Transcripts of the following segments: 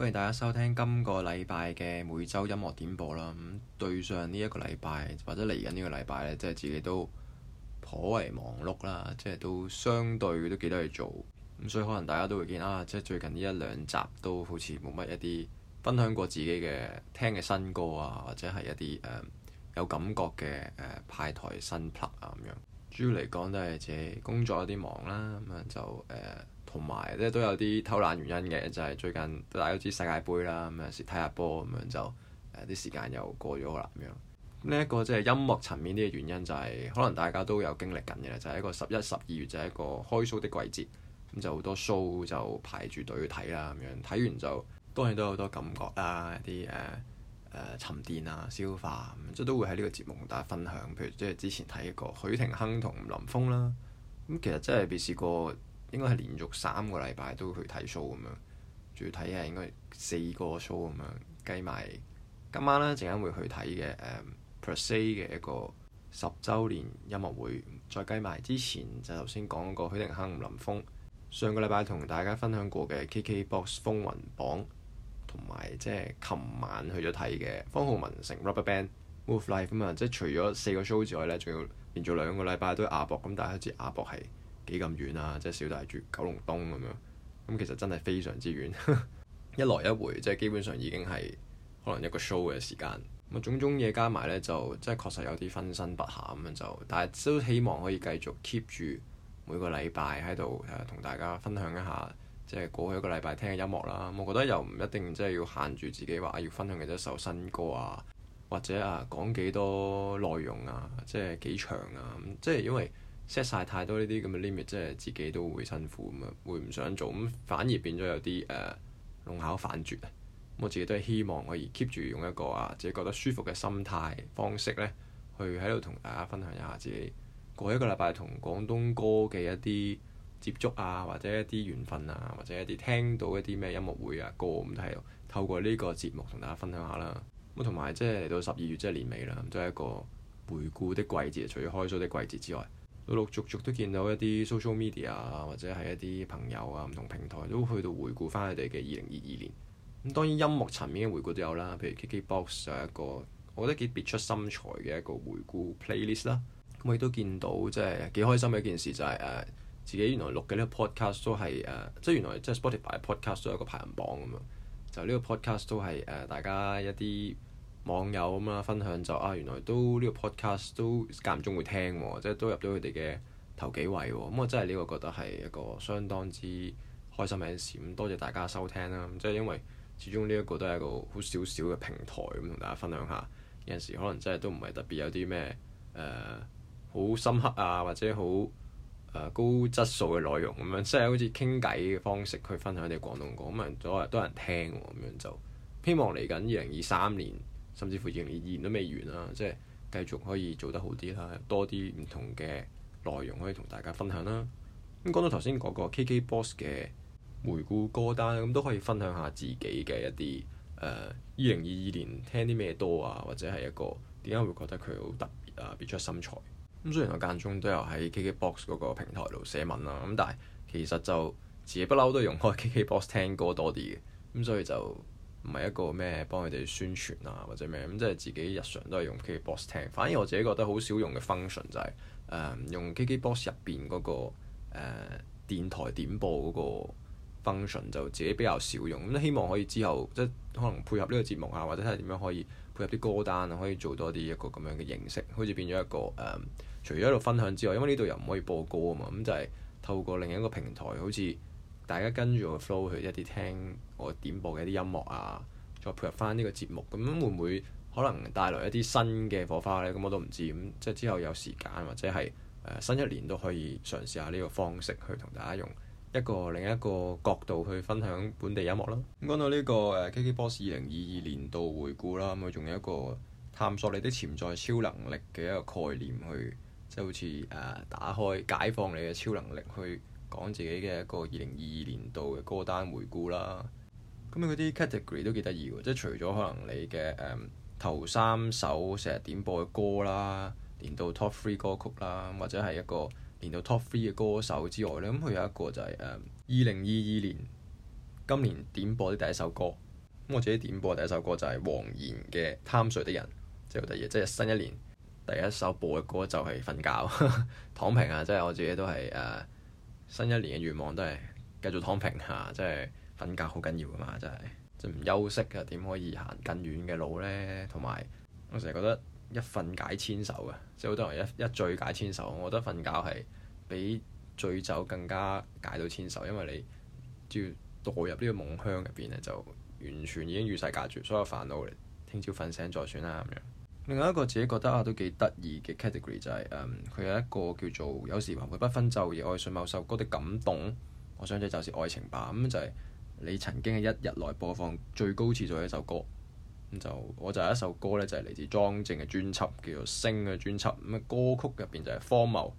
歡迎大家收聽今個禮拜嘅每周音樂點播啦。咁、嗯、對上呢一個禮拜或者嚟緊呢個禮拜咧，即係自己都頗為忙碌啦，即係都相對都幾多嘢做。咁、嗯、所以可能大家都會見啊，即係最近呢一兩集都好似冇乜一啲分享過自己嘅聽嘅新歌啊，或者係一啲誒、呃、有感覺嘅誒、呃、派台新曲啊咁樣。主要嚟講都係自己工作有啲忙啦，咁樣就誒。呃同埋即係都有啲偷懶原因嘅，就係、是、最近大家都知世界盃啦，咁有時睇下波咁樣就誒啲時間又過咗啦咁樣。呢一個即係音樂層面啲嘅原因、就是，就係可能大家都有經歷緊嘅，就係、是、一個十一、十二月就係一個開 show 的季節，咁就好多 show 就排住隊去睇啦咁樣。睇完就當然都有好多感覺啊，一啲誒誒沉澱啊、消化，即都會喺呢個節目同大家分享。譬如即係之前睇一個許廷鏗同林峯啦，咁其實真係未試過。應該係連續三個禮拜都去睇 show 咁樣，仲要睇係應該四個 show 咁樣，計埋今晚咧陣間會去睇嘅誒 per se 嘅一個十周年音樂會，再計埋之前就頭先講嗰個許廷鏗、林峯，上個禮拜同大家分享過嘅 KKBOX 風雲榜，同埋即係琴晚去咗睇嘅方皓玟成 Rubberband MOOV Live 咁啊，即係除咗四個 show 之外咧，仲要連續兩個禮拜都係阿博咁，大家知阿博係。幾咁遠啊！即係小弟住九龍東咁樣，咁其實真係非常之遠， 一來一回即係基本上已經係可能一個 show 嘅時間。咁種種嘢加埋呢，就即係確實有啲分身不暇咁樣就，但係都希望可以繼續 keep 住每個禮拜喺度同大家分享一下，即係過去一個禮拜聽嘅音樂啦。我覺得又唔一定即係要限住自己話啊，要分享嘅一首新歌啊，或者啊講幾多內容啊，即係幾長啊，即係因為，set 晒太多呢啲咁嘅 limit，即係自己都會辛苦咁啊，會唔想做咁，反而變咗有啲誒、呃、龍口反拙弄巧反拙。啊。我自己都係希望可以 keep 住用一個啊自己覺得舒服嘅心態方式呢去喺度同大家分享一下自己過一個禮拜同廣東歌嘅一啲接觸啊，或者一啲緣分啊，或者一啲聽到一啲咩音樂會啊歌咁，都係透過呢個節目同大家分享下啦。咁同埋即係嚟到十二月即係、就是、年尾啦，都係一個回顧的季節，除咗開騷的季節之外。陸陸續續都見到一啲 social media 啊，或者係一啲朋友啊，唔同平台都去到回顧翻佢哋嘅二零二二年。咁當然音樂層面嘅回顧都有啦，譬如 KKBOX 就係一個我覺得幾別出心裁嘅一個回顧 playlist 啦。咁我亦都見到即係幾開心嘅一件事就係、是、誒、呃、自己原來錄嘅呢個 podcast 都係誒、呃、即係原來即係 Spotify podcast 都有個排行榜咁啊。就呢個 podcast 都係誒、呃、大家一啲。網友咁啊，分享就啊，原來都呢、呢個 podcast 都間唔中會聽喎，即係都入到佢哋嘅頭幾位喎。咁、嗯、我真係呢個覺得係一個相當之開心嘅事。咁、嗯、多謝大家收聽啦、嗯，即係因為始終呢一個都係一個好少少嘅平台咁，同、嗯、大家分享下。有時可能真係都唔係特別有啲咩誒好深刻啊，或者好誒、呃、高質素嘅內容咁樣、嗯，即係好似傾偈嘅方式去分享你廣東歌，咁、嗯、啊，昨日都，都有人聽喎咁樣就。希望嚟緊二零二三年，甚至乎二零二二年都未完啦，即係繼續可以做得好啲啦，多啲唔同嘅內容可以同大家分享啦。咁講到頭先講個 KKBOX 嘅回顧歌單，咁都可以分享下自己嘅一啲誒二零二二年聽啲咩多啊，或者係一個點解會覺得佢好特別啊，別出心裁。咁雖然我間中都有喺 KKBOX 嗰個平台度寫文啦，咁但係其實就自己不嬲都係用開 KKBOX 聽歌多啲嘅，咁所以就～唔係一個咩幫佢哋宣傳啊，或者咩咁，即、嗯、係、就是、自己日常都係用 KKBOX 聽。反而我自己覺得好少用嘅 function 就係、是、誒、嗯、用 KKBOX 入邊嗰、那個誒、嗯、電台點播嗰個 function 就自己比較少用。咁、嗯、希望可以之後即係、就是、可能配合呢個節目啊，或者睇下點樣可以配合啲歌單啊，可以做多啲一,一個咁樣嘅形式，好似變咗一個誒、嗯、除咗喺度分享之外，因為呢度又唔可以播歌啊嘛，咁、嗯、就係、是、透過另一個平台好似。大家跟住個 flow 去一啲聽我點播嘅一啲音樂啊，再配合翻呢個節目，咁會唔會可能帶來一啲新嘅火花咧？咁我都唔知，咁即係之後有時間或者係誒、呃、新一年都可以嘗試下呢個方式去同大家用一個另一個角度去分享本地音樂啦。咁講、嗯、到呢、這個誒、呃、KKBOX 二零二二年度回顧啦，咁佢仲有一個探索你的潛在超能力嘅一個概念去，去即係好似誒、呃、打開解放你嘅超能力去。講自己嘅一個二零二二年度嘅歌單回顧啦，咁你啲 category 都幾得意喎，即係除咗可能你嘅誒、嗯、頭三首成日點播嘅歌啦，年度 top three 歌曲啦，或者係一個年度 top three 嘅歌手之外咧，咁佢有一個就係誒二零二二年今年點播嘅第一首歌，咁我自己點播嘅第一首歌就係黃妍嘅《貪睡的人》，真係好得意，即、就、係、是、新一年第一首播嘅歌就係瞓覺 躺平啊，即係我自己都係誒。Uh, 新一年嘅願望都係繼續躺平嚇，即係瞓覺好緊要噶嘛，真係即係唔休息啊，點可以行更遠嘅路呢？同埋我成日覺得一瞓解千愁嘅，即係好多人一一醉解千愁。我覺得瞓覺係比醉酒更加解到千愁，因為你只要墮入呢個夢鄉入邊咧，就完全已經與世隔絕，所有煩惱聽朝瞓醒再算啦咁樣。另外一個自己覺得啊都幾得意嘅 category 就係、是、佢、嗯、有一個叫做有時還會不分晝夜愛上某首歌的感動。我想這就是愛情吧。咁就係你曾經喺一日內播放最高次數嘅一首歌。咁就我就有一首歌呢，就係、是、嚟自莊正嘅專輯，叫做《星》嘅專輯。咁、嗯、歌曲入邊就係、嗯《荒謬》。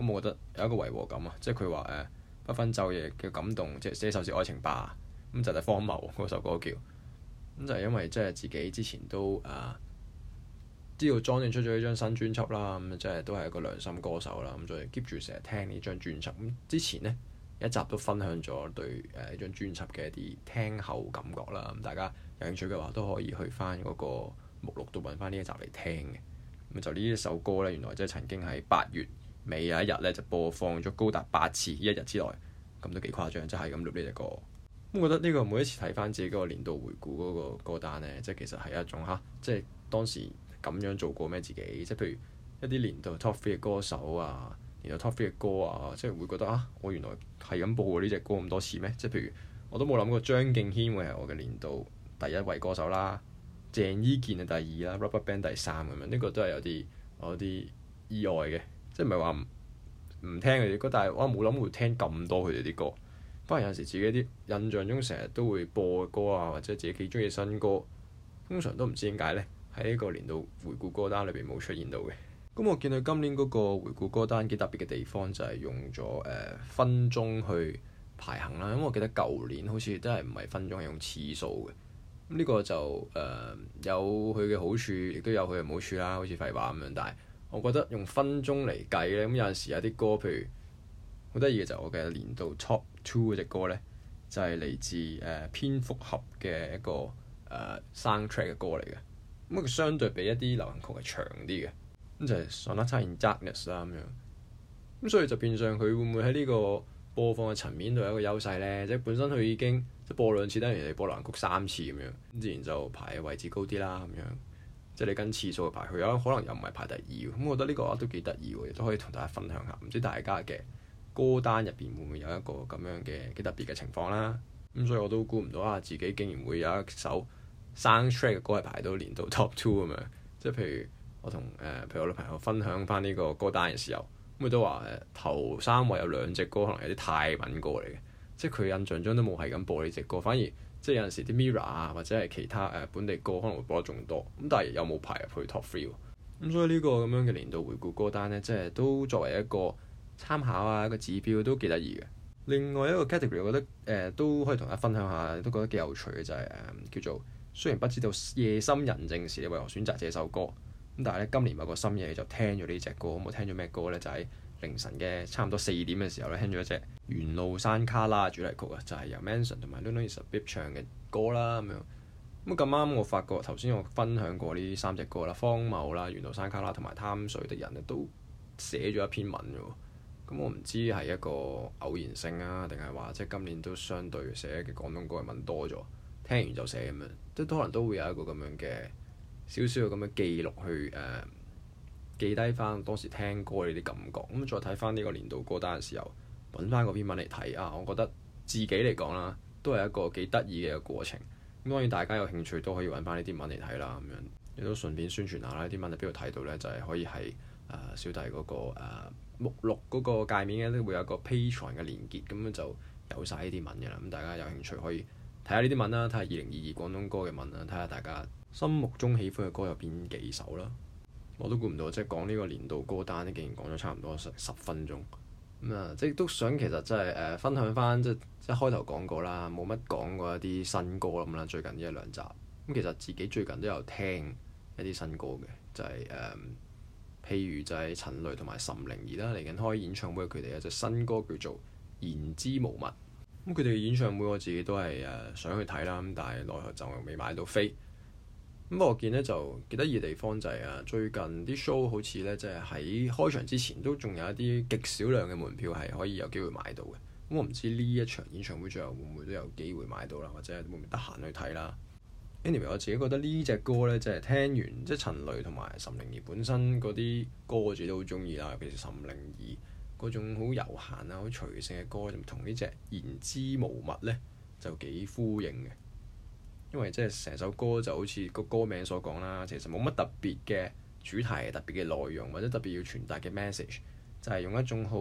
咁我覺得有一個違和感、就是、啊，即係佢話誒不分晝夜嘅感動，即係寫首是愛情吧。咁就係《荒謬》嗰首歌叫咁就係因為即係自己之前都啊。知道 j o 莊 n 出咗呢張新專輯啦，咁即係都係個良心歌手啦，咁再 keep 住成日聽呢張專輯。咁之前咧一集都分享咗對誒呢張專輯嘅一啲聽後感覺啦，咁大家有興趣嘅話都可以去翻嗰個目錄度揾翻呢一集嚟聽嘅。咁就呢一首歌呢，原來即係曾經喺八月尾有一日呢，就播放咗高達八次，一日之內，咁都幾誇張，即係咁錄呢隻歌。咁覺得呢個每一次睇翻自己嗰個年度回顧嗰個歌單呢，即係其實係一種嚇，即係當時。咁樣做過咩？自己即係譬如一啲年度 top three 嘅歌手啊，然後 top three 嘅歌啊，即係會覺得啊，我原來係咁播過呢隻歌咁多次咩？即係譬如我都冇諗過張敬軒會係我嘅年度第一位歌手啦、啊，鄭伊健啊第二啦、啊、，Rubber Band 第三咁、啊、樣，呢、這個都係有啲有啲意外嘅，即係唔係話唔聽佢啲歌，但係我冇諗會聽咁多佢哋啲歌。不過有時自己啲印象中成日都會播嘅歌啊，或者自己幾鍾意新歌，通常都唔知點解咧。喺呢個年度回顧歌單裏邊冇出現到嘅咁，我見到今年嗰個回顧歌單幾特別嘅地方就係用咗誒、呃、分鐘去排行啦。咁我記得舊年好似都係唔係分鐘，係用次數嘅咁，呢個就誒、呃、有佢嘅好處，亦都有佢嘅唔好處啦，好似廢話咁樣。但係我覺得用分鐘嚟計咧，咁有陣時有啲歌，譬如好得意嘅就係我嘅年度 Top Two 嗰隻歌咧，就係、是、嚟自誒蝙蝠俠嘅一個誒、呃、soundtrack 嘅歌嚟嘅。咁佢相對比一啲流行曲係長啲嘅，咁就係《Sunlight Changes》啦咁樣。咁所以就變相佢會唔會喺呢個播放嘅層面度有一個優勢呢？即係本身佢已經即係播兩次，等於你播流行曲三次咁樣，咁自然就排位置高啲啦咁樣。即係你跟次數排去排佢啊，可能又唔係排第二。咁我覺得呢個都幾得意喎，亦都可以同大家分享下。唔知大家嘅歌單入邊會唔會有一個咁樣嘅幾特別嘅情況啦？咁所以我都估唔到啊，自己竟然會有一首。生出嘅歌係排到年度 top two 啊嘛，即係譬如我同誒、呃，譬如我女朋友分享翻呢個歌單嘅時候，咁佢都話誒、呃、頭三位有兩隻歌可能有啲泰文歌嚟嘅，即係佢印象中都冇係咁播呢隻歌，反而即係有陣時啲 Mirror 啊或者係其他誒本地歌可能會播得仲多咁，但係有冇排入去 top three 咁、嗯、所以呢個咁樣嘅年度回顧歌單咧，即係都作為一個參考啊，一個指標都幾得意嘅。另外一個 category，我覺得誒、呃、都可以同大家分享下，都覺得幾有趣嘅就係、是、誒、呃、叫做。雖然不知道夜深人靜時你為何選擇這首歌，咁但係咧今年某個深夜就聽咗呢隻歌。咁我聽咗咩歌咧？就喺凌晨嘅差唔多四點嘅時候咧，聽咗一隻《緣路山旮旯》主題曲啊，就係、是、由 Manson 同埋 Luna Is A Bep 唱嘅歌啦。咁樣咁咁啱，我發覺頭先我分享過呢三隻歌啦，《方某》啦，《緣路山旮旯》同埋《貪水的人》都寫咗一篇文㗎。咁我唔知係一個偶然性啊，定係話即係今年都相對寫嘅廣東歌嘅文多咗，聽完就寫咁樣。即係可能都會有一個咁樣嘅少少嘅咁樣記錄去，去、呃、誒記低翻當時聽歌呢啲感覺。咁再睇翻呢個年度歌單嘅時候，揾翻個篇文嚟睇啊！我覺得自己嚟講啦，都係一個幾得意嘅過程。咁當然大家有興趣都可以揾翻呢啲文嚟睇啦。咁樣亦都順便宣傳下啦，啲文喺邊度睇到呢？就係、是、可以喺誒小弟嗰、那個、啊、目錄嗰個界面咧，會有一個 Patreon 嘅連結，咁樣就有晒呢啲文嘅啦。咁大家有興趣可以，睇下呢啲問啦，睇下二零二二廣東歌嘅問啦，睇下大家心目中喜歡嘅歌有邊幾首啦。我都估唔到，即係講呢個年度歌單，竟然講咗差唔多成十分鐘。咁、嗯、啊，即係都想其實真係誒分享翻，即係即係開頭講過啦，冇乜講過一啲新歌咁啦，最近呢一兩集，咁其實自己最近都有聽一啲新歌嘅，就係、是、誒、呃，譬如就係陳蕾同埋岑寧兒啦，嚟緊開演唱會，佢哋有隻新歌叫做《言之無物》。咁佢哋嘅演唱會我自己都係誒想去睇啦，咁但係奈何就未買到飛。咁我見呢，就幾得意嘅地方就係、是、誒最近啲 show 好似呢，即係喺開場之前都仲有一啲極少量嘅門票係可以有機會買到嘅。咁我唔知呢一場演唱會最後會唔會都有機會買到啦，或者會唔會得閒去睇啦。Anyway，我自己覺得呢隻歌呢，即、就、係、是、聽完，即、就、係、是、陳蕾同埋岑寧兒本身嗰啲歌我自己都好中意啦，尤其是岑寧兒。嗰種好悠閒啊，好隨性嘅歌，就同呢隻言之無物呢，就幾呼應嘅。因為即係成首歌就好似個歌名所講啦，其實冇乜特別嘅主題、特別嘅內容，或者特別要傳達嘅 message，就係、是、用一種好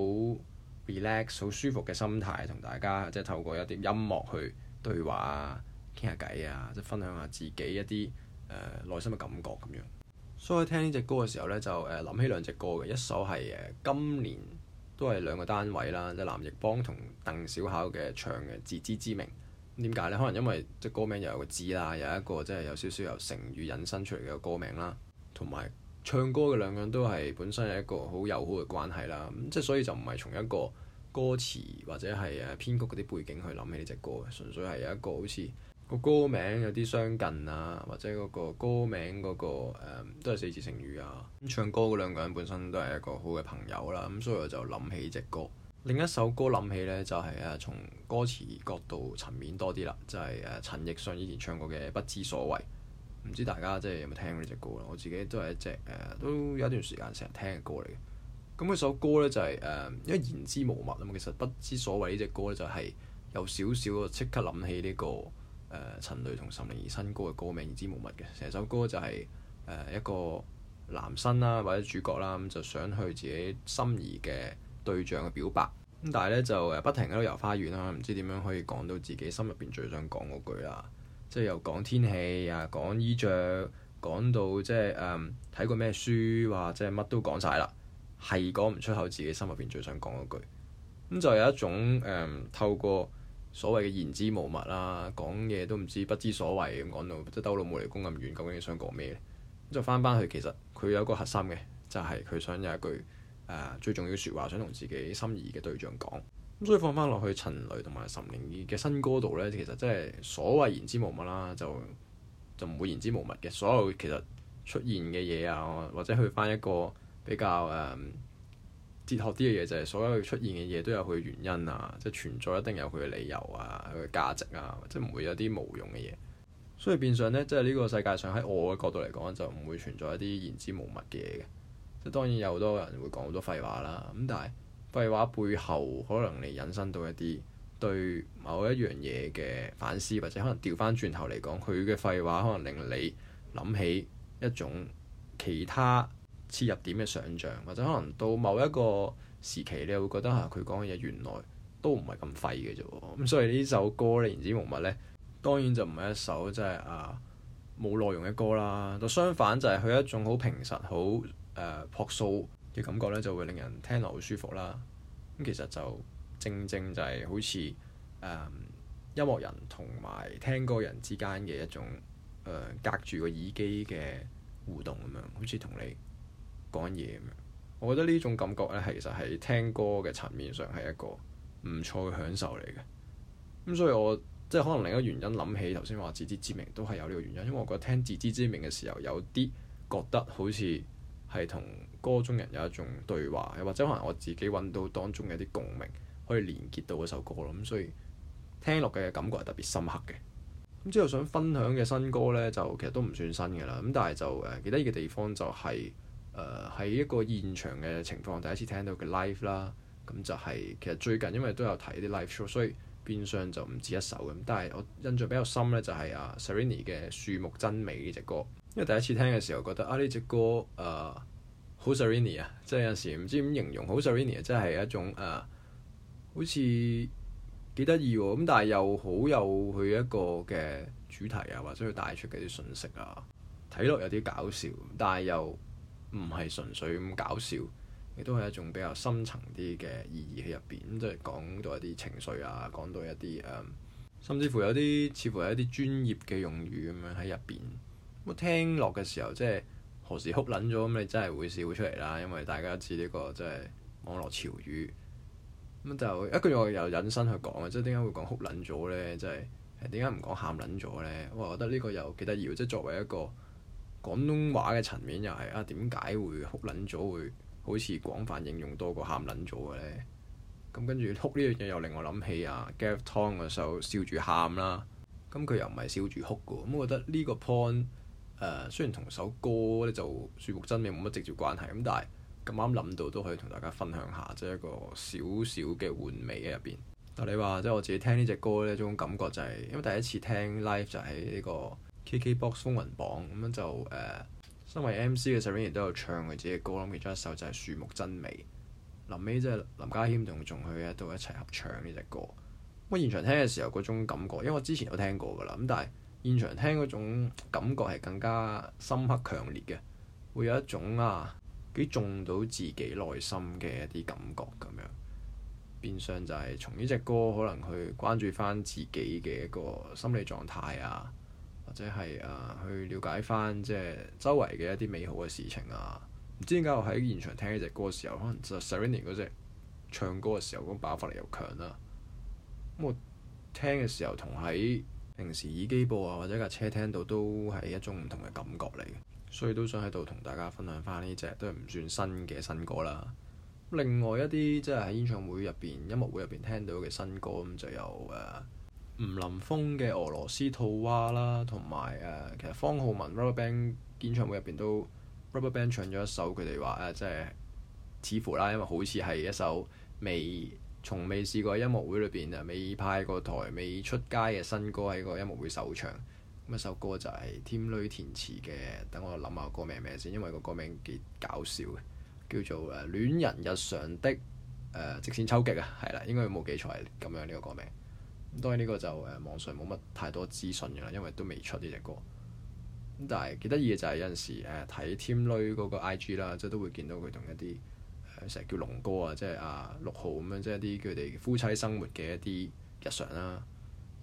relax 好舒服嘅心態，同大家即係透過一啲音樂去對話啊，傾下偈啊，即分享下自己一啲誒、呃、內心嘅感覺咁樣。所以、so，聽呢隻歌嘅時候呢，就誒諗、呃、起兩隻歌嘅，一首係誒、呃、今年。都係兩個單位啦，即係藍奕邦同鄧小巧嘅唱嘅自知之明。點解呢？可能因為即歌名又有個知啦，有一個即係有少少由成語引申出嚟嘅歌名啦。同埋唱歌嘅兩樣都係本身係一個好友好嘅關係啦。咁即係所以就唔係從一個歌詞或者係誒編曲嗰啲背景去諗起呢隻歌嘅，純粹係有一個好似。個歌名有啲相近啊，或者嗰個歌名嗰、那個、呃、都係四字成語啊。咁唱歌嗰兩個人本身都係一個好嘅朋友啦。咁、嗯、所以我就諗起隻歌。另一首歌諗起呢，就係、是、啊，從歌詞角度層面多啲啦，就係、是、誒、啊、陳奕迅以前唱過嘅《不知所謂》。唔知大家即係有冇聽過呢隻歌啦？我自己都係一隻誒、呃，都有一段時間成日聽嘅歌嚟嘅。咁、嗯、呢首歌呢，就係、是、誒、啊，因為言之無物啊嘛。其實《不知所謂》呢隻歌呢，就係、是、有少少我即刻諗起呢個。誒、呃、陳蕾同岑寧兒新歌嘅歌名言之無物嘅，成首歌就係、是呃、一個男生啦、啊、或者主角啦、啊、咁、嗯，就想去自己心儀嘅對象嘅表白，咁但係咧就誒不停喺度遊花園啦、啊，唔知點樣可以講到自己心入邊最想講嗰句啦，即係又講天氣啊、講衣着、講到即係誒睇過咩書，話即係乜都講晒啦，係講唔出口自己心入邊最想講嗰句，咁、嗯、就有一種誒、嗯、透過。所謂嘅言之無物啦，講嘢都唔知不知所謂咁講，到即兜到冇嚟工咁遠，究竟你想講咩咧？咁就翻翻去，其實佢有一個核心嘅，就係、是、佢想有一句誒、呃、最重要説話想同自己心儀嘅對象講。咁所以放翻落去陳蕾同埋岑寧兒嘅新歌度咧，其實真係所謂言之無物啦，就就唔會言之無物嘅。所有其實出現嘅嘢啊，或者去翻一個比較誒。呃哲學啲嘅嘢就係所有出現嘅嘢都有佢嘅原因啊，即係存在一定有佢嘅理由啊，佢嘅價值啊，即係唔會有啲無用嘅嘢。所以變相呢，即係呢個世界上喺我嘅角度嚟講，就唔會存在一啲言之無物嘅嘢嘅。即係當然有好多人會講好多廢話啦，咁但係廢話背後可能你引申到一啲對某一樣嘢嘅反思，或者可能調翻轉頭嚟講，佢嘅廢話可能令你諗起一種其他。切入點嘅想像，或者可能到某一個時期，你會覺得嚇佢講嘅嘢原來都唔係咁廢嘅啫。咁所以呢首歌咧《言之無物》咧，當然就唔係一首即係啊冇內容嘅歌啦。就相反，就係佢一種好平實、好、啊、樸素嘅感覺咧，就會令人聽落好舒服啦。咁、嗯、其實就正正就係好似誒、啊、音樂人同埋聽歌人之間嘅一種誒、啊、隔住個耳機嘅互動咁樣，好似同你。講嘢，我覺得呢種感覺咧，其實喺聽歌嘅層面上係一個唔錯嘅享受嚟嘅。咁所以我，我即係可能另一個原因，諗起頭先話自知之明，都係有呢個原因。因為我覺得聽自知之明嘅時候，有啲覺得好似係同歌中人有一種對話，或者可能我自己揾到當中嘅一啲共鳴，可以連結到嗰首歌咯。咁所以聽落嘅感覺係特別深刻嘅。咁之後想分享嘅新歌呢，就其實都唔算新嘅啦。咁但係就誒幾得意嘅地方就係、是、～誒喺、呃、一個現場嘅情況，第一次聽到嘅 live 啦、啊，咁就係、是、其實最近因為都有睇啲 live show，所以變相就唔止一首咁。但係我印象比較深呢、啊，就係啊 Serrini 嘅樹木真美呢隻歌，因為第一次聽嘅時候覺得啊呢隻歌誒好 Serrini 啊，即係、啊啊、有時唔知點形容，好 Serrini 即、啊、係一種誒、啊、好似幾得意咁，但係又好有佢一個嘅主題啊，或者佢帶出嘅啲信息啊，睇落有啲搞笑，但係又～唔係純粹咁搞笑，亦都係一種比較深層啲嘅意義喺入邊，即係講到一啲情緒啊，講到一啲誒、嗯，甚至乎有啲似乎係一啲專業嘅用語咁樣喺入邊。我、嗯、聽落嘅時候，即係何時哭撚咗咁，你真係會笑出嚟啦，因為大家知呢、呢個即係網絡潮語。咁、嗯、就一句我又引申去講啊，即係點解會講哭撚咗咧？即係點解唔講喊撚咗咧？我覺得呢個又幾得意，即係作為一個，廣東話嘅層面又係啊，點解會哭撚咗會好似廣泛應用多過喊撚咗嘅咧？咁跟住哭呢樣嘢又令我諗起啊 Gareth Tong 嗰首笑住喊啦，咁佢又唔係笑住哭噶，咁我覺得呢個 point 誒、呃、雖然同首歌咧就説服真諦冇乜直接關係，咁但係咁啱諗到都可以同大家分享下，即、就、係、是、一個小小嘅玩味喺入邊。但你話即係我自己聽呢隻歌呢一種感覺就係、是、因為第一次聽 Live 就喺呢、這個。K K Box 風雲榜咁樣就誒、呃，身為 M C 嘅 Serrini 都有唱佢自己嘅歌囉。其中一首就係《樹木真美》，臨尾即係林家謙仲仲佢喺度一齊合唱呢隻歌。咁我現場聽嘅時候嗰種感覺，因為我之前有聽過噶啦，咁但係現場聽嗰種感覺係更加深刻、強烈嘅，會有一種啊幾中到自己內心嘅一啲感覺咁樣。變相就係從呢隻歌可能去關注返自己嘅一個心理狀態啊。或者係誒去了解翻，即係周圍嘅一啲美好嘅事情啊！唔知點解我喺現場聽呢隻歌嘅時候，可能就 Serrini 嗰隻唱歌嘅時候嗰個爆發力又強啦。咁我聽嘅時候同喺平時耳機播啊或者架車聽到都係一種唔同嘅感覺嚟嘅。所以都想喺度同大家分享翻呢隻都係唔算新嘅新歌啦。另外一啲即係喺演唱會入邊、音樂會入邊聽到嘅新歌咁就有誒。吳林峰嘅《俄羅斯套娃》啦，同埋誒其實方浩文 r o b e r t b a n d 演唱會入邊都 r o b e r t b a n d 唱咗一首，佢哋話誒即係似乎啦，因為好似係一首未從未試過音樂會裏邊啊未派過台未出街嘅新歌喺個音樂會首唱。咁一首歌就係添 i 填詞嘅，等我諗下歌名咩先，因為個歌名幾搞笑嘅，叫做誒戀人日常的誒、呃、直線抽極啊，係啦，應該冇記錯係咁樣呢、這個歌名。當然呢個就誒網上冇乜太多資訊嘅啦，因為都未出呢隻歌。咁但係幾得意嘅就係有陣時誒睇 Team 妹嗰個 IG 啦，即係都會見到佢同一啲誒成日叫龍哥、就是、啊，即係阿六號咁樣，即、就、係、是、一啲佢哋夫妻生活嘅一啲日常啦。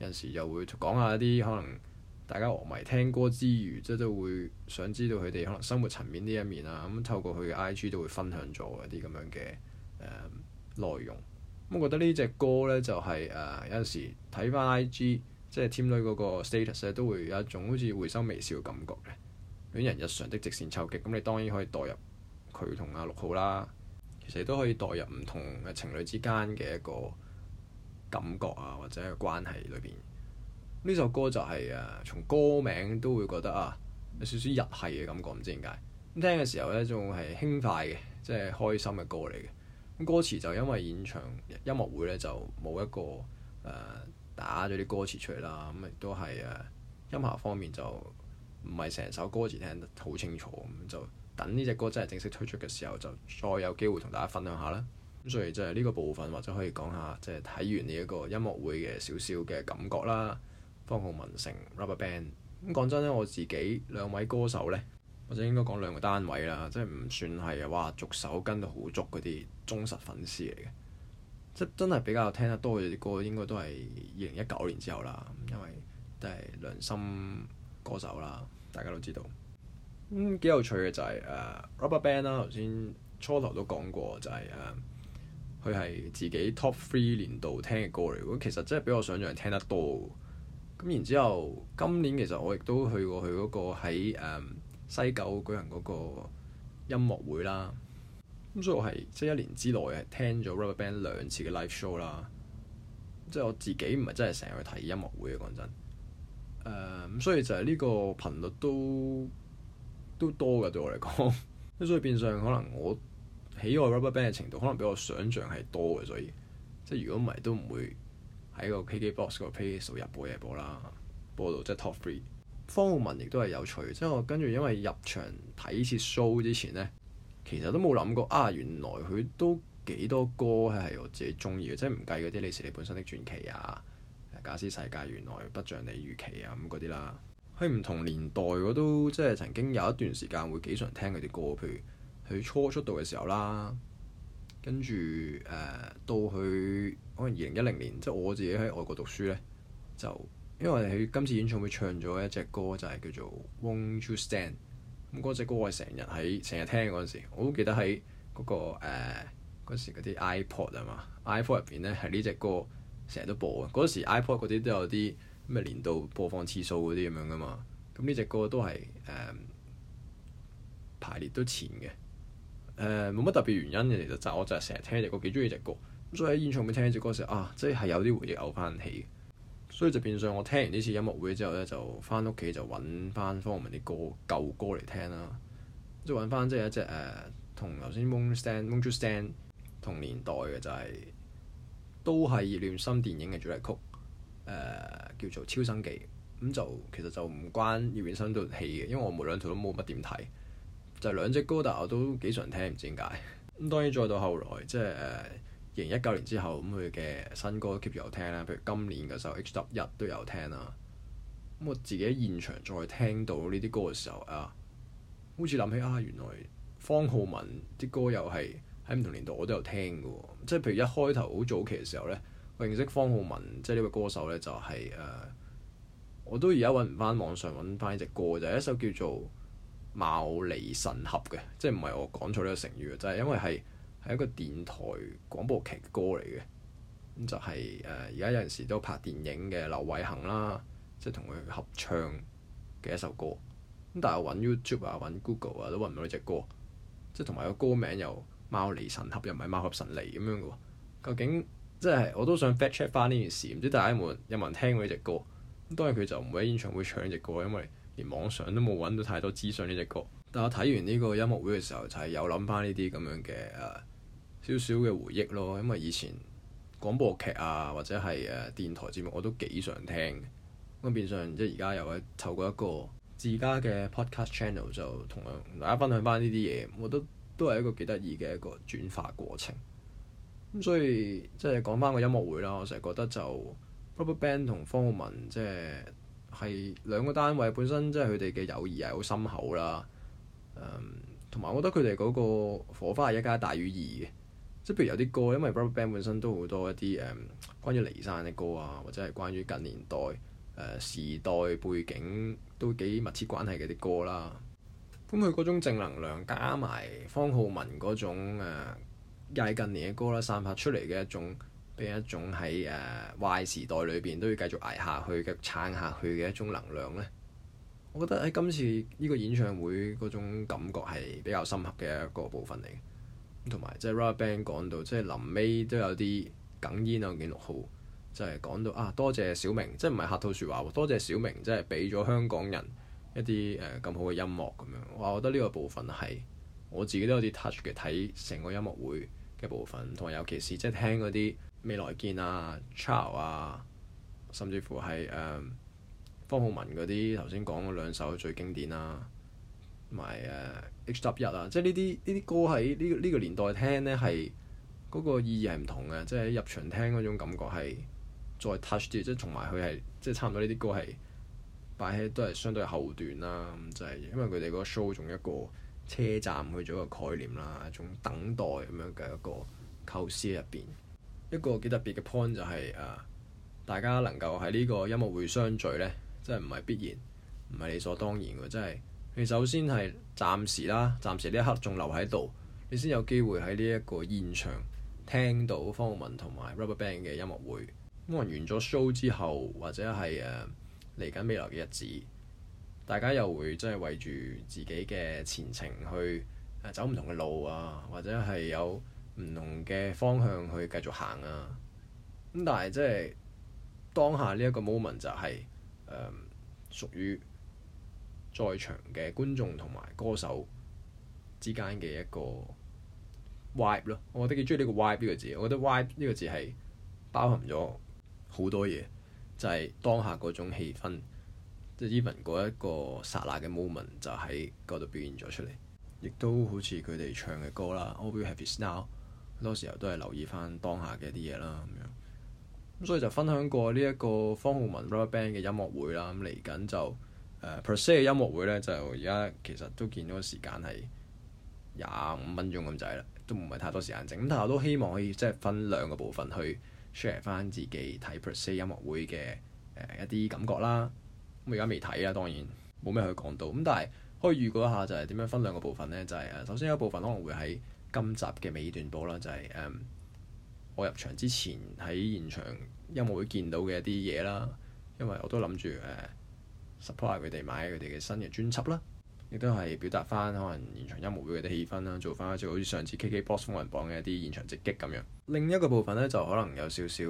有陣時又會講下一啲可能大家樂迷聽歌之餘，即係都會想知道佢哋可能生活層面呢一面啊。咁、嗯、透過佢嘅 IG 都會分享咗一啲咁樣嘅誒、呃、內容。我覺得呢隻歌呢，就係、是、誒、啊、有陣時睇翻 IG 即係 Team 女嗰個 status 都會有一種好似回收微笑嘅感覺嘅戀人日常的直線抽擊，咁你當然可以代入佢同阿六號啦。其實亦都可以代入唔同嘅情侶之間嘅一個感覺啊，或者關係裏邊。呢首歌就係、是、誒、啊、從歌名都會覺得啊有少少日系嘅感覺，唔知點解咁聽嘅時候呢，仲係輕快嘅，即係開心嘅歌嚟嘅。歌詞就因為現場音樂會咧，就冇一個誒、呃、打咗啲歌詞出嚟啦。咁亦都係誒音樂方面就唔係成首歌詞聽得好清楚。咁就等呢隻歌真係正式推出嘅時候，就再有機會同大家分享下啦。咁所以就係呢個部分，或者可以講下即係睇完呢一個音樂會嘅少少嘅感覺啦。方皓玟、成 RubberBand。咁講真咧，我自己兩位歌手咧。或者應該講兩個單位啦，即係唔算係話逐手跟到好足嗰啲忠實粉絲嚟嘅，即真係比較聽得多嘅啲歌，應該都係二零一九年之後啦，因為都係良心歌手啦，大家都知道。咁、嗯、幾有趣嘅就係、是 uh, RubberBand 啦，頭先初頭都講過就係、是、誒，佢、uh, 係自己 Top Three 年度聽嘅歌嚟嘅。咁其實真係比我想像聽得多。咁然之後今年其實我亦都去過佢嗰個喺誒。Um, 西九舉行嗰個音樂會啦，咁、嗯、所以我係即係一年之內係聽咗 RubberBand 兩次嘅 live show 啦，即係我自己唔係真係成日去睇音樂會嘅講真，誒、嗯、咁所以就係呢個頻率都都多嘅對我嚟講，咁 所以變相可能我喜愛 RubberBand 嘅程度可能比我想像係多嘅，所以即係如果唔係都唔會喺個 KKBOX 嗰個 place 度日播夜播啦，播到即係 top three。方皓玟亦都係有趣，即係我跟住，因為入場睇次 show 之前呢，其實都冇諗過啊，原來佢都幾多歌係我自己中意嘅，即係唔計嗰啲你是你本身的傳奇啊、假使世界原來不像你預期啊咁嗰啲啦。喺唔同年代我都即係曾經有一段時間會幾常聽佢啲歌，譬如佢初出道嘅時候啦，跟住誒、呃、到去可能二零一零年，即係我自己喺外國讀書呢，就。因為我哋今次演唱會唱咗一隻歌就係、是、叫做《Won't You Stand》，咁嗰隻歌我成日喺成日聽嗰陣時，我都記得喺嗰、那個誒嗰、呃、時嗰啲 iPod 啊嘛，iPhone 入邊咧係呢隻歌成日都播啊！嗰時 iPod 嗰啲都有啲咩年度播放次數嗰啲咁樣噶嘛，咁呢隻歌都係誒、呃、排列都前嘅，誒冇乜特別原因嘅，其實就是、我就成日聽隻歌，幾中意隻歌。咁所以喺演唱會聽呢隻歌時啊，即係有啲回憶嘔翻起嘅所以就變相我聽完呢次音樂會之後咧，就翻屋企就揾翻方皓玟啲歌舊歌嚟聽啦，即係揾翻即係一隻誒同頭先 m o o n s t a n d Moonstone 同年代嘅就係、是、都係葉念琛電影嘅主題曲，誒、呃、叫做《超生記》。咁、嗯、就其實就唔關葉念琛對戲嘅，因為我每兩套都冇乜點睇，就是、兩隻歌，但我都幾常聽，唔知點解。咁、嗯、當然再到後來即係誒。呃二零一九年之後，咁佢嘅新歌都 keep 住有聽咧，譬如今年嗰首《HW1》都有聽啦。咁我自己喺現場再聽到呢啲歌嘅時候啊，好似諗起啊，原來方皓玟啲歌又係喺唔同年代我都有聽嘅喎。即係譬如一開頭好早期嘅時候呢，我認識方皓玟，即係呢個歌手呢，就係、是、誒、啊，我都而家揾唔翻網上揾翻呢隻歌就係、是、一首叫做《貌離神合》嘅，即係唔係我講錯呢個成語啊？就係因為係。係一個電台廣播劇歌嚟嘅，咁就係誒而家有陣時都拍電影嘅劉偉恒啦，即係同佢合唱嘅一首歌。咁但係揾 YouTube 啊、揾 Google 啊都揾唔到呢隻歌，即係同埋個歌名又貌離神合，又唔係貌合神離咁樣嘅喎。究竟即係我都想 fact check 翻呢件事，唔知大家有冇有冇人聽過呢隻歌？咁當然佢就唔會喺演唱會唱呢隻歌，因為連網上都冇揾到太多資訊呢隻歌。但我睇完呢個音樂會嘅時候，就係有諗翻呢啲咁樣嘅誒。呃少少嘅回憶咯，因為以前廣播劇啊，或者係誒電台節目，我都幾常聽。咁變相即而家又係透過一個自家嘅 podcast channel 就同大家分享翻呢啲嘢，我覺得都係一個幾得意嘅一個轉化過程。咁所以即係講翻個音樂會啦，我成日覺得就 RubberBand 同方皓玟即係係兩個單位本身，即係佢哋嘅友誼係好深厚啦。同、嗯、埋我覺得佢哋嗰個火花係一加大於二嘅。即譬如有啲歌，因為 RubberBand 本身都好多一啲誒、嗯，關於離散嘅歌啊，或者係關於近年代誒、呃、時代背景都幾密切關係嘅啲歌啦。咁佢嗰種正能量加埋方皓玟嗰種誒近、呃、近年嘅歌啦，散發出嚟嘅一種，俾一種喺誒壞時代裏邊都要繼續挨下去嘅撐下去嘅一種能量咧。我覺得喺今次呢個演唱會嗰種感覺係比較深刻嘅一個部分嚟嘅。同埋即係 RubberBand 講到，即、就、係、是、臨尾都有啲哽咽啊！我見六號即係講到啊，多謝小明，即係唔係客套說話，多謝小明即係俾咗香港人一啲誒咁好嘅音樂咁樣，我覺得呢個部分係我自己都有啲 touch 嘅睇成個音樂會嘅部分，同埋尤其是即係聽嗰啲未來見啊、Charles 啊，甚至乎係誒、呃、方皓玟嗰啲頭先講嗰兩首最經典啊。同埋誒《X d、uh, 啊，即係呢啲呢啲歌喺呢呢個年代聽咧，係嗰個意義係唔同嘅。即係入場聽嗰種感覺係再 touch 啲，即係同埋佢係即係差唔多呢啲歌係擺喺都係相對後段啦、啊。咁、嗯、就係、是、因為佢哋個 show 仲一個車站去做一個概念啦、啊，一種等待咁樣嘅一個構思喺入邊。一個幾特別嘅 point 就係、是、誒、uh, 大家能夠喺呢個音樂會相聚咧，真係唔係必然，唔係理所當然嘅，真係。你首先係暫時啦，暫時呢一刻仲留喺度，你先有機會喺呢一個現場聽到方皓玟同埋 RubberBand 嘅音樂會。咁、嗯、我完咗 show 之後，或者係嚟緊未來嘅日子，大家又會即係、就是、為住自己嘅前程去、啊、走唔同嘅路啊，或者係有唔同嘅方向去繼續行啊。咁、嗯、但係即係當下呢一個 moment 就係、是、誒、嗯、屬於在場嘅觀眾同埋歌手之間嘅一個 vibe 咯，我覺得幾中意呢個 vibe 呢個字。我覺得 vibe 呢個字係包含咗好多嘢，就係、是、當下嗰種氣氛，即係 even 嗰一個撒那嘅 moment 就喺嗰度表現咗出嚟。亦都好似佢哋唱嘅歌啦 a will have y o u s m i l 好多時候都係留意翻當下嘅一啲嘢啦咁樣。咁所以就分享過呢一個方浩文 rap band 嘅音樂會啦。咁嚟緊就～per se 嘅音樂會咧，就而家其實都見到個時間係廿五分鐘咁滯啦，都唔係太多時間整。咁但係我都希望可以即係分兩個部分去 share 翻自己睇 per se 音樂會嘅誒、呃、一啲感覺啦。咁而家未睇啦，當然冇咩去講到。咁但係可以預告一下，就係點樣分兩個部分咧？就係誒，首先有部分可能會喺今集嘅尾段播啦，就係、是、誒、um，我入場之前喺現場音樂會見到嘅一啲嘢啦。因為我都諗住誒。Uh, support 佢哋買佢哋嘅新嘅專輯啦，亦都係表達翻可能現場音樂會嘅啲氣氛啦，做翻一啲好似上次 KKBOX 風雲榜嘅一啲現場直擊咁樣。另一個部分咧，就可能有少少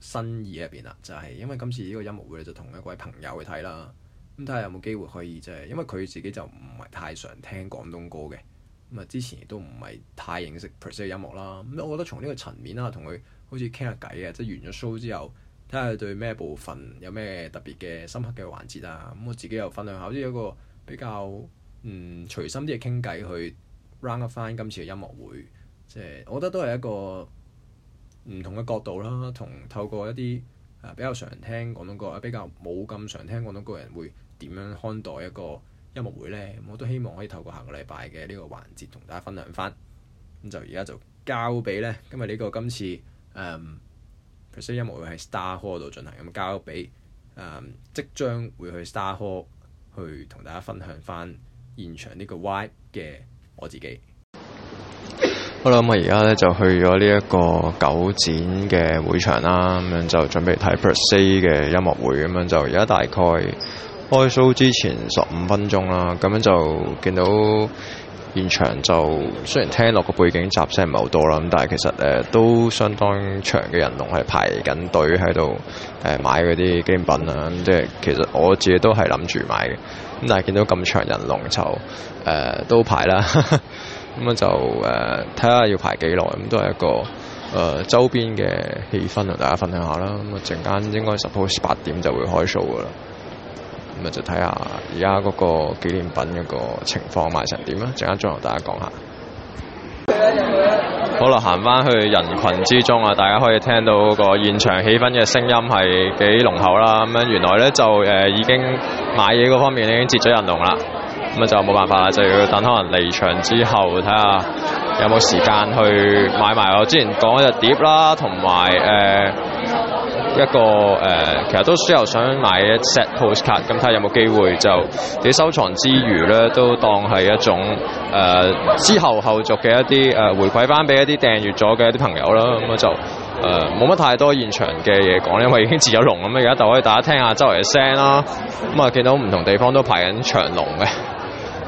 新意入邊啦，就係因為今次呢個音樂會就同一位朋友去睇啦，咁睇下有冇機會可以即係，因為佢自己就唔係太常聽廣東歌嘅，咁啊之前亦都唔係太認識 per se 嘅音樂啦。咁我覺得從呢個層面啦，同佢好似傾下偈啊，即係完咗 show 之後。睇下對咩部分有咩特別嘅深刻嘅環節啊！咁我自己又分享下，好似有個比較嗯隨心啲嘅傾偈去 round 翻今次嘅音樂會。即係我覺得都係一個唔同嘅角度啦，同透過一啲啊比較常聽廣東歌，比較冇咁常聽廣東歌嘅人會點樣看待一個音樂會呢。我都希望可以透過下個禮拜嘅呢個環節同大家分享翻。咁就而家就交俾呢，今日呢個今次誒。嗯 per se 音樂會喺 Star Hall 度進行，咁交俾誒即將會去 Star Hall 去同大家分享翻現場呢個 vibe 嘅我自己。好啦，咁我而家咧就去咗呢一個九展嘅會場啦，咁樣就準備睇 per se 嘅音樂會，咁樣就而家大概開 show 之前十五分鐘啦，咁樣就見到。現場就雖然聽落個背景雜聲唔係好多啦，咁但係其實誒、呃、都相當長嘅人龍係排緊隊喺度誒買嗰啲紀念品啦。即係其實我自己都係諗住買嘅，咁但係見到咁長人龍就誒、呃、都排啦。咁 啊、嗯、就誒睇下要排幾耐，咁、嗯、都係一個誒、呃、周邊嘅氣氛同大家分享下啦。咁陣間應該十點八點就會開數噶啦。咁啊就睇下而家嗰個紀念品嗰個情況賣成點啦，陣間再同大家講下。好啦，行返去人群之中啊，大家可以聽到個現場氣氛嘅聲音係幾濃厚啦。咁樣原來咧就誒、呃、已經買嘢嗰方面已經截咗人龍啦。咁啊就冇辦法啦，就要等可能離場之後睇下有冇時間去買埋我之前講嗰隻碟啦，同埋誒。呃一個誒、呃，其實都之後想買一 set postcard 咁睇下有冇機會就啲收藏之餘咧，都當係一種誒、呃、之後後續嘅一啲誒、呃、回饋翻俾一啲訂閲咗嘅一啲朋友啦。咁、嗯、就誒冇乜太多現場嘅嘢講，因為已經自咗龍咁啊。而家就可以大家聽下周圍嘅聲啦。咁、嗯、啊，見到唔同地方都排緊長龍嘅，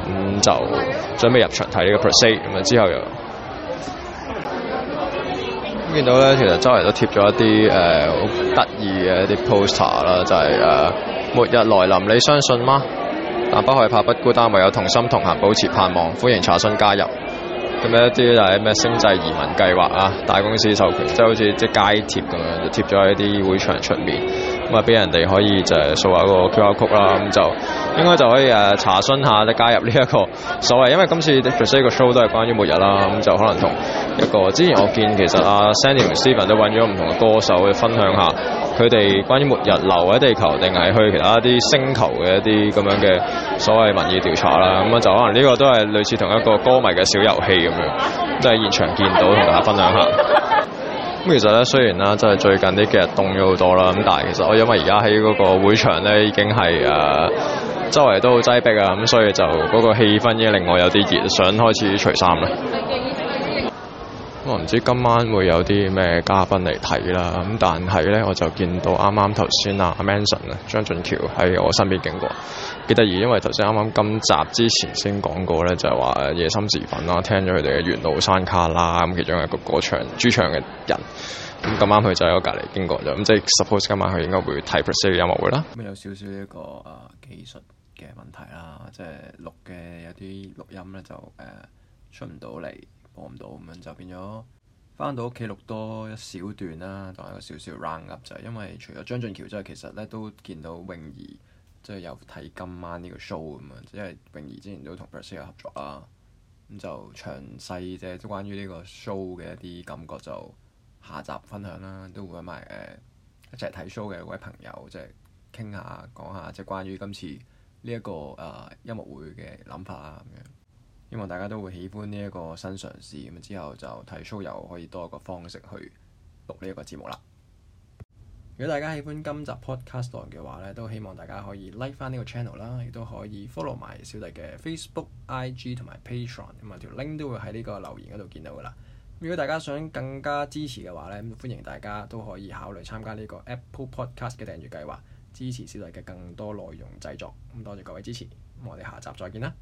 咁、嗯、就準備入場睇呢個 per se 咁、嗯、啊。之後又～我見到咧，其實周圍都貼咗一啲誒好得意嘅一啲 poster 啦、就係，就係誒末日來臨，你相信嗎？但不害怕，不孤單，唯有同心同行，保持盼望。歡迎查詢加入。咁樣一啲就係咩星際移民計劃啊，大公司授權，即、就、係、係、好似即街貼咁樣，貼咗喺啲會場出面。咁啊，俾人哋可以就係掃下個 QQ 曲啦，咁就應該就可以誒查詢下，再加入呢一個所謂，因為今次 f r a c i s 嘅 show 都係關於末日啦，咁就可能同一個之前我見其實阿 Sandy 同 s t e v e n 都揾咗唔同嘅歌手去分享下佢哋關於末日留喺地球定係去其他一啲星球嘅一啲咁樣嘅所謂民意調查啦，咁啊就可能呢個都係類似同一個歌迷嘅小遊戲咁樣，即、就、係、是、現場見到同大家分享下。咁其實咧，雖然啦，即係最近啲幾日凍咗好多啦，咁但係其實我因為而家喺嗰個會場咧，已經係誒周圍都好擠迫啊，咁所以就嗰個氣氛已經令我有啲熱，想開始除衫啦。我唔知今晚會有啲咩嘉賓嚟睇啦，咁但係咧我就見到啱啱頭先啊阿 Manson 啊張俊橋喺我身邊經過，幾得意，因為頭先啱啱今集之前先講過咧，就係話夜深時分啦，聽咗佢哋嘅元老山卡啦，咁其中一個歌唱主唱嘅人，咁咁啱佢就喺我隔離經過咗，咁、嗯、即係 suppose 今晚佢應該會睇 per se 嘅音樂會啦。咁、嗯、有少少一、這個誒、呃、技術嘅問題啦，即係錄嘅有啲錄音咧就誒、呃、出唔到嚟。播唔到咁樣就變咗翻到屋企錄多一小段啦，當一個少少 round up 就係因為除咗張俊橋之外，其實咧都見到泳兒，即係有睇今晚呢個 show 咁啊！因為泳兒之前都同 per se 有合作啦，咁就詳細即係關於呢個 show 嘅一啲感覺就下集分享啦，都會揾埋誒一齊睇 show 嘅嗰位朋友即係傾下講下即係關於今次呢一個誒音樂會嘅諗法啊咁樣。希望大家都會喜歡呢一個新嘗試咁之後就睇 show，又可以多一個方式去錄呢一個節目啦。如果大家喜歡今集 podcast 嘅話咧，都希望大家可以 like 翻呢個 channel 啦，亦都可以 follow 埋小弟嘅 Facebook、IG 同埋 Patreon，咁啊條 link 都會喺呢個留言嗰度見到噶啦。如果大家想更加支持嘅話咧，歡迎大家都可以考慮參加呢個 Apple Podcast 嘅訂閱計劃，支持小弟嘅更多內容製作。咁多謝各位支持，咁我哋下集再見啦！